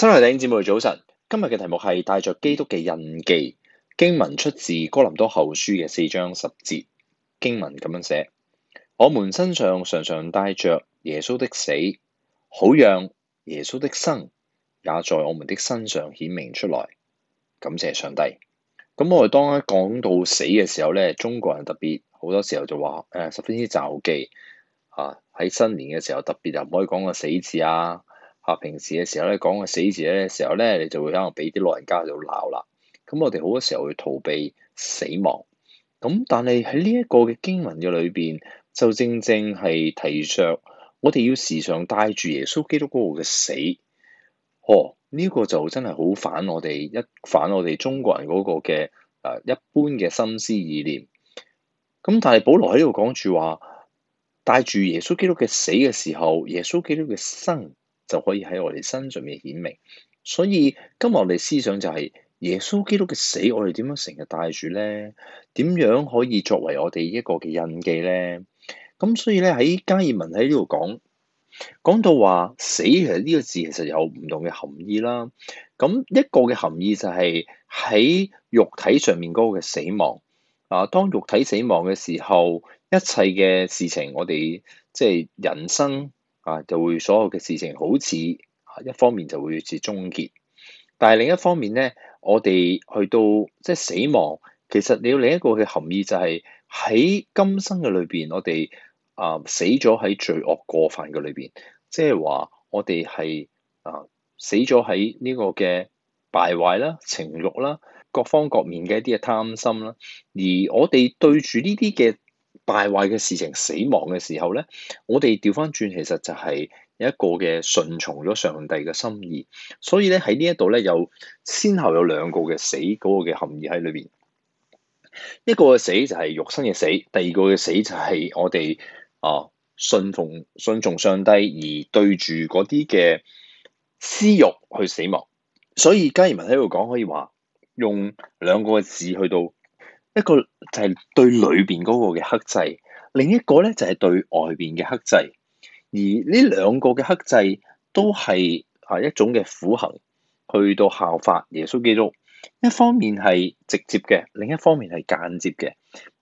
新愛弟兄姊妹早晨，今日嘅題目係帶着基督嘅印記，經文出自哥林多後書嘅四章十節，經文咁樣寫：我們身上常常帶着耶穌的死，好讓耶穌的生也在我們的身上顯明出來。感謝上帝。咁我哋當一講到死嘅時候咧，中國人特別好多時候就話誒、呃，十分之忌諱喺、啊、新年嘅時候特別就唔可以講個死字啊。平時嘅時候咧，講個死字咧嘅時候咧，你就會可能俾啲老人家喺度鬧啦。咁我哋好多時候會逃避死亡。咁但係喺呢一個嘅經文嘅裏邊，就正正係提出我哋要時常帶住耶穌基督嗰個嘅死。哦，呢、這個就真係好反我哋一反我哋中國人嗰個嘅誒一般嘅心思意念。咁但係保羅喺呢度講住話，帶住耶穌基督嘅死嘅時候，耶穌基督嘅生。就可以喺我哋身上面顯明，所以今日我哋思想就係耶穌基督嘅死，我哋點樣成日帶住咧？點樣可以作為我哋一個嘅印記咧？咁所以咧喺加爾文喺呢度講，講到話死其實呢個字其實有唔同嘅含義啦。咁一個嘅含義就係喺肉體上面嗰個嘅死亡啊。當肉體死亡嘅時候，一切嘅事情我哋即係人生。啊，就會所有嘅事情好似啊，一方面就會似終結，但係另一方面咧，我哋去到即係死亡，其實你要另一個嘅含義，就係喺今生嘅裏邊，我哋啊、呃、死咗喺罪惡過犯嘅裏邊，即係話我哋係啊死咗喺呢個嘅敗壞啦、情慾啦、各方各面嘅一啲嘅貪心啦，而我哋對住呢啲嘅。敗壞嘅事情、死亡嘅時候咧，我哋調翻轉，其實就係有一個嘅順從咗上帝嘅心意。所以咧，喺呢一度咧，有先後有兩個嘅死嗰個嘅含義喺裏邊。一個嘅死就係肉身嘅死，第二個嘅死就係我哋啊信奉信從上帝而對住嗰啲嘅私欲去死亡。所以加爾文喺度講，可以話用兩個字去到。一個就係對裏邊嗰個嘅克制，另一個咧就係對外邊嘅克制，而呢兩個嘅克制都係啊一種嘅苦行，去到效法耶穌基督。一方面係直接嘅，另一方面係間接嘅。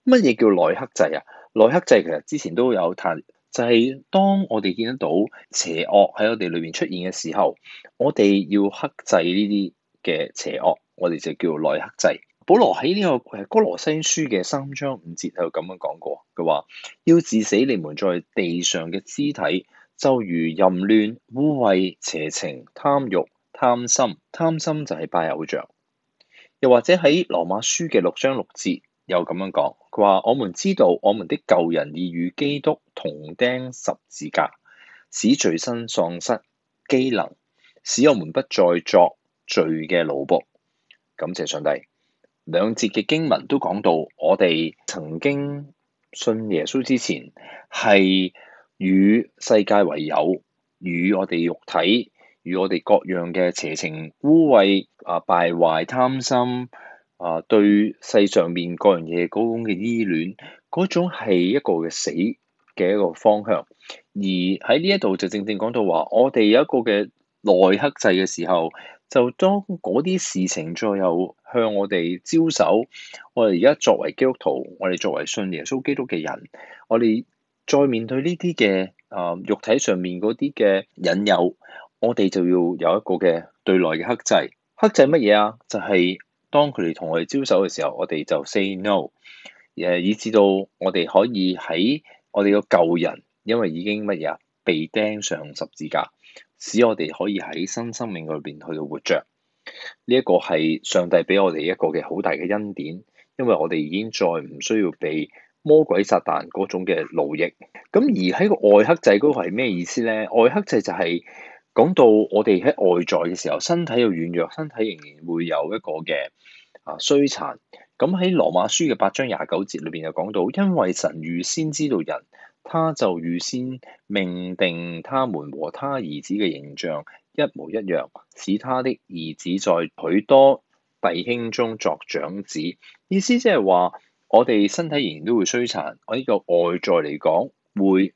乜嘢叫內克制啊？內克制其實之前都有談，就係、是、當我哋見得到邪惡喺我哋裏邊出現嘅時候，我哋要克制呢啲嘅邪惡，我哋就叫內克制。保羅喺呢個誒《哥羅西書》嘅三章五節就咁樣講過，佢話：要致死你們在地上嘅肢體，就如淫亂、污穢、邪情、貪欲、貪心、貪心就係拜偶像。又或者喺《羅馬書》嘅六章六節又咁樣講，佢話：我們知道，我們的舊人已與基督同釘十字架，使罪身喪失機能，使我們不再作罪嘅奴僕。感謝上帝。兩節嘅經文都講到，我哋曾經信耶穌之前，係與世界為友，與我哋肉體，與我哋各樣嘅邪情污穢啊、敗壞、貪心啊，對世上面各樣嘢高高嘅依戀，嗰種係一個嘅死嘅一個方向。而喺呢一度就正正講到話，我哋有一個嘅內克制嘅時候。就當嗰啲事情再有向我哋招手，我哋而家作為基督徒，我哋作為信耶穌基督嘅人，我哋再面對呢啲嘅啊肉體上面嗰啲嘅引誘，我哋就要有一個嘅對內嘅克制。克制乜嘢啊？就係、是、當佢哋同我哋招手嘅時候，我哋就 say no，誒，以至到我哋可以喺我哋個舊人，因為已經乜嘢啊？被釘上十字架。使我哋可以喺新生命裏邊去到活着，呢、這個、一個係上帝俾我哋一個嘅好大嘅恩典，因為我哋已經再唔需要被魔鬼撒旦嗰種嘅奴役。咁而喺個外克制嗰個係咩意思咧？外克制就係講到我哋喺外在嘅時候，身體又軟弱，身體仍然會有一個嘅啊衰殘。咁喺羅馬書嘅八章廿九節裏邊就講到，因為神預先知道人。他就預先命定，他們和他兒子嘅形象一模一樣，使他的兒子在許多弟兄中作長子。意思即係話，我哋身體仍然都會衰殘，我、這、呢個外在嚟講會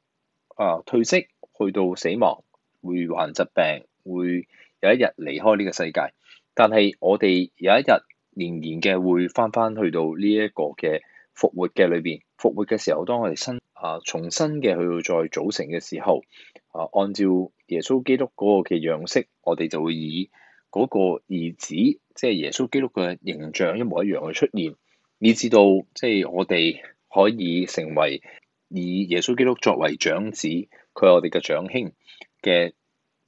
啊退色，去到死亡，會患疾病，會有一日離開呢個世界。但係我哋有一日仍然嘅會返返去到呢一個嘅復活嘅裏邊，復活嘅時候，當我哋身啊！重新嘅去再組成嘅時候，啊，按照耶穌基督嗰個嘅樣式，我哋就會以嗰個兒子，即係耶穌基督嘅形象一模一樣去出現，以至到即係我哋可以成為以耶穌基督作為長子，佢係我哋嘅長兄嘅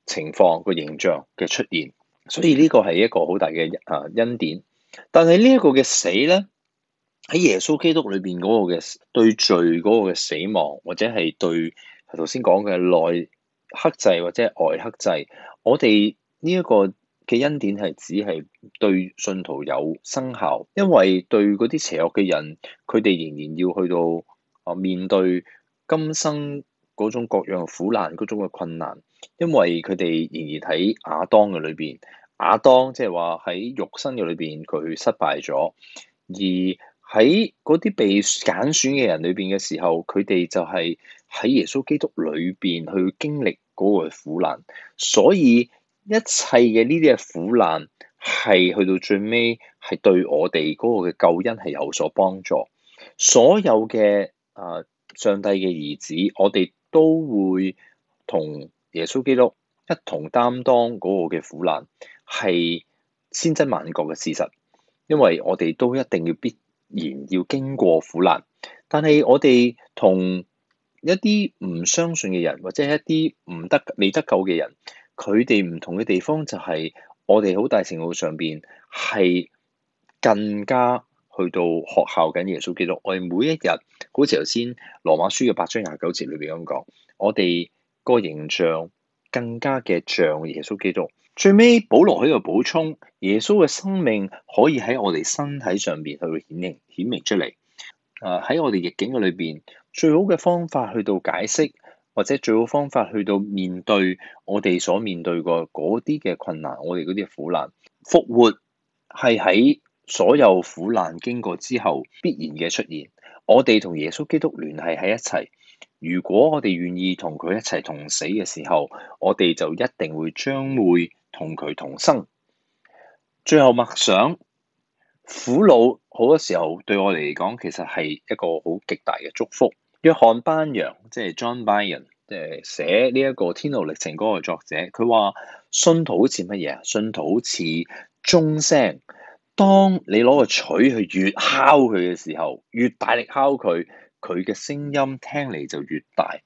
情況個形象嘅出現，所以呢個係一個好大嘅啊恩典。但係呢一個嘅死咧。喺耶穌基督裏邊嗰個嘅對罪嗰個嘅死亡，或者係對頭先講嘅內克制或者係外克制，我哋呢一個嘅恩典係只係對信徒有生效，因為對嗰啲邪惡嘅人，佢哋仍然要去到啊面對今生嗰種各樣苦難嗰種嘅困難，因為佢哋仍然喺亞當嘅裏邊，亞當即係話喺肉身嘅裏邊佢失敗咗，而喺嗰啲被揀選嘅人裏邊嘅時候，佢哋就係喺耶穌基督裏邊去經歷嗰個苦難，所以一切嘅呢啲嘅苦難係去到最尾係對我哋嗰個嘅救恩係有所幫助。所有嘅誒上帝嘅兒子，我哋都會同耶穌基督一同擔當嗰個嘅苦難係千真萬確嘅事實，因為我哋都一定要必然要經過苦難，但係我哋同一啲唔相信嘅人，或者一啲唔得，未得救嘅人，佢哋唔同嘅地方就係我哋好大程度上邊係更加去到學效緊耶穌基督。我哋每一日，好似頭先羅馬書嘅八章廿九節裏邊咁講，我哋個形象更加嘅像耶穌基督。最尾，保羅喺度補充，耶穌嘅生命可以喺我哋身體上邊去顯現、顯明出嚟。啊，喺我哋逆境嘅裏邊，最好嘅方法去到解釋，或者最好方法去到面對我哋所面對過嗰啲嘅困難，我哋嗰啲苦難。復活係喺所有苦難經過之後必然嘅出現。我哋同耶穌基督聯繫喺一齊。如果我哋願意同佢一齊同死嘅時候，我哋就一定會將會，同佢同生，最後，默想苦惱，好多時候對我嚟講，其實係一個好極大嘅祝福。約翰班揚即係 John Bunyan，即係寫呢、這、一個《天路歷程》嗰個作者，佢話信徒好似乜嘢啊？信徒好似鐘聲，當你攞個槌去越敲佢嘅時候，越大力敲佢，佢嘅聲音聽嚟就越大。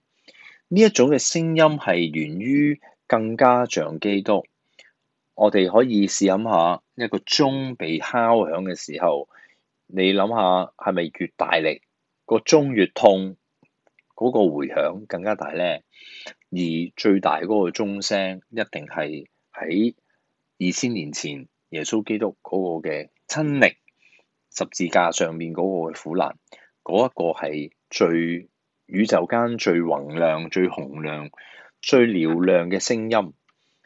呢一種嘅聲音係源於更加像基督。我哋可以試諗下，一個鐘被敲響嘅時候，你諗下係咪越大力，個鐘越痛，嗰個回響更加大咧？而最大嗰個鐘聲一定係喺二千年前耶穌基督嗰個嘅親歷十字架上面嗰個嘅苦難，嗰一個係最宇宙間最宏亮、最洪亮、最嘹亮嘅聲音，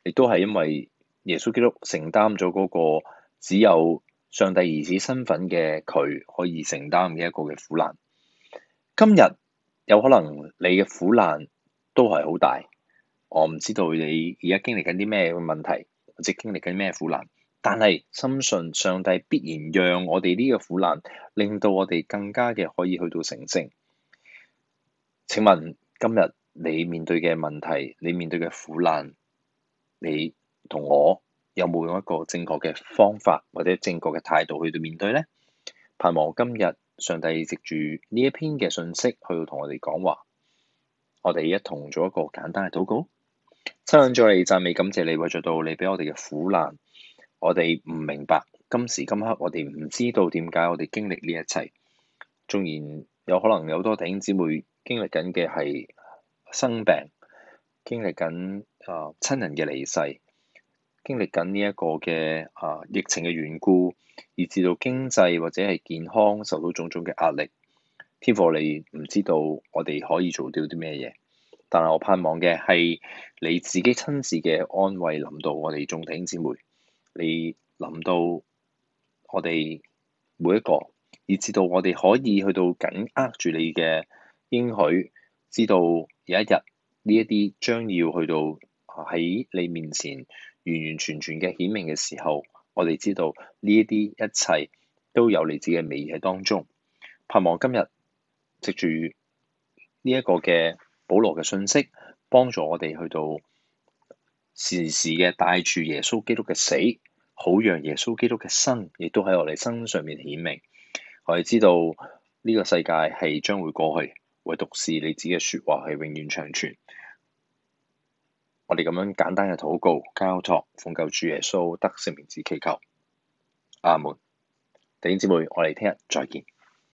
亦都係因為，耶穌基督承擔咗嗰個只有上帝兒子身份嘅佢可以承擔嘅一個嘅苦難。今日有可能你嘅苦難都係好大，我唔知道你而家經歷緊啲咩問題或者經歷緊咩苦難，但係深信上帝必然讓我哋呢個苦難令到我哋更加嘅可以去到成聖。請問今日你面對嘅問題，你面對嘅苦難，你？.同我有冇用一個正確嘅方法或者正確嘅態度去對面對呢？盼望今日上帝藉住呢一篇嘅信息，去同我哋講話。我哋一同做一個簡單嘅禱告，親人再嚟讚美感謝你，為著到你俾我哋嘅苦難，我哋唔明白，今時今刻我哋唔知道點解我哋經歷呢一切，縱然有可能有好多弟兄姊妹經歷緊嘅係生病，經歷緊啊親人嘅離世。經歷緊呢一個嘅啊疫情嘅緣故，以至到經濟或者係健康受到種種嘅壓力。天父，你唔知道我哋可以做到啲咩嘢，但係我盼望嘅係你自己親自嘅安慰，臨到我哋眾弟兄姊妹，你臨到我哋每一個，以至到我哋可以去到緊握住你嘅應許，知道有一日呢一啲將要去到。喺你面前完完全全嘅顯明嘅時候，我哋知道呢一啲一切都有你自己嘅美喺當中。盼望今日藉住呢一個嘅保羅嘅信息，幫助我哋去到時時嘅帶住耶穌基督嘅死，好讓耶穌基督嘅生亦都喺我哋身上面顯明。我哋知道呢個世界係將會過去，唯獨是你自己嘅説話係永遠長存。我哋咁樣簡單嘅禱告交託，奉救主耶穌得聖名字祈求，阿門。弟兄姊妹，我哋聽日再見。